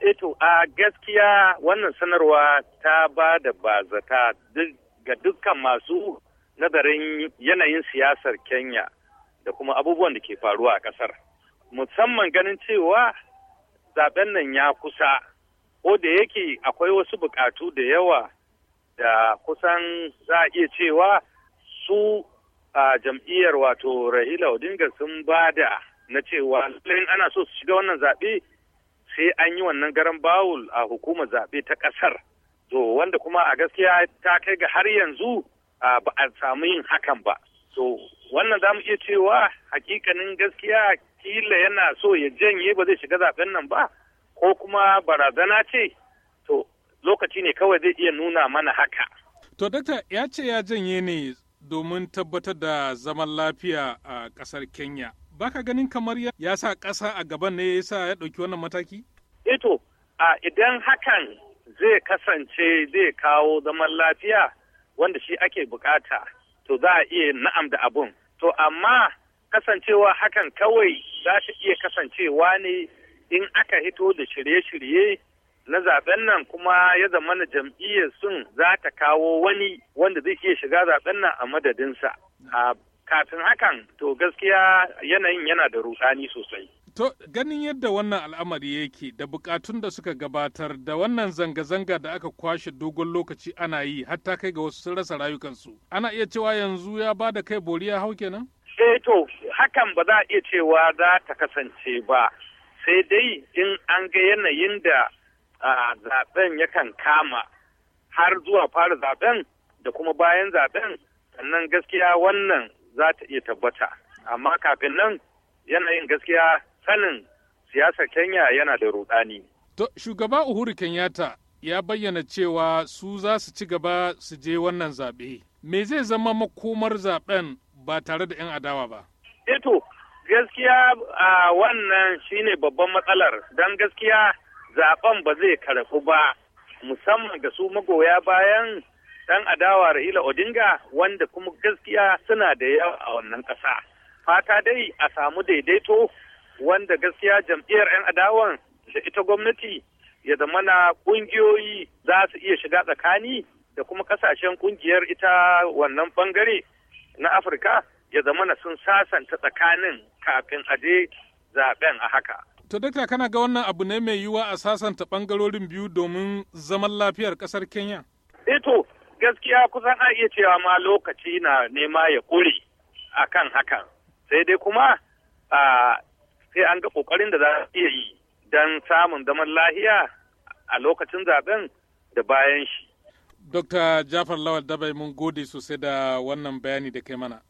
Eto eh a gaskiya wannan sanarwa ta ba da bazata ga dukkan masu nazarin yanayin siyasar Kenya da kuma abubuwan da ke faruwa a ƙasar. Musamman ganin cewa zaben nan ya kusa, ko da yake akwai wasu buƙatu da yawa da kusan za a iya cewa su a jam'iyyar wato Rahila Odinga sun bada na cewa ana so su shiga wannan zaɓe sai an yi wannan garan bawul a hukumar zaɓe ta ƙasar to wanda kuma a gaskiya ta kai ga har yanzu ba a samu yin hakan ba to wannan za mu iya cewa hakikanin gaskiya kila yana so ya janye ba zai shiga zaɓen nan ba ko kuma barazana ce to lokaci ne kawai zai iya nuna mana haka to dakta ya ce ya janye ne domin tabbatar da zaman lafiya a ƙasar kenya baka ganin kamar ya sa ƙasa a gaban ne ya sa ya ɗauki wannan mataki? Ito, eh a idan hakan zai kasance zai kawo zaman lafiya wanda shi ake bukata, to za a iya na'am da abun. To amma kasancewa hakan kawai za ta iya kasancewa ne in aka hito da shirye-shirye na zaben nan kuma ya zama na jam'iyyar sun za ta kawo wani wanda zai iya shiga zaben nan a madadinsa. kafin hakan to gaskiya yanayin yana da rusani sosai. To ganin yadda wannan al'amari yake da bukatun da suka gabatar da wannan zanga-zanga da aka kwashe dogon lokaci ana yi hatta kai ga wasu rasa rayukansu. Ana iya cewa yanzu ya ba da kai boriya hau kenan? Eh to hakan ba za a iya cewa za ta kasance ba sai dai in an ga yanayin da zaben yakan kama har zuwa fara zaben da kuma bayan zaben sannan gaskiya wannan za ta iya tabbata amma kafin nan yanayin gaskiya sanin siyasar kenya yana da rudani to shugaba uhuru kenyatta ya bayyana cewa su za su ci gaba su je wannan zaɓe me zai zama makomar zaɓen ba tare da 'yan adawa ba eto eh gaskiya a wannan shine babban matsalar don gaskiya zaben ba zai karɓi ba musamman ga su magoya bayan dan adawa Raila Odinga wanda kuma gaskiya suna da yawa a wannan ƙasa. Fata dai a samu daidaito wanda gaskiya jam'iyyar 'yan adawan da ita gwamnati ya zama na ƙungiyoyi za su iya shiga tsakani da kuma ƙasashen ƙungiyar ita wannan bangare na Afirka ya zama na sun sasanta tsakanin kafin a je zaben a haka. To dakta kana ga wannan abu ne mai yiwa a sasanta bangarorin biyu domin zaman lafiyar ƙasar Kenya? eto eh gaskiya kusan a iya cewa ma lokaci na nema ya a kan hakan sai dai kuma sai an ga ƙoƙarin da za a iya yi don samun zaman lahiya a lokacin zaben da bayan shi. Dokta Jafar Lawal Dabai mun gode sosai da wannan bayani da kai mana.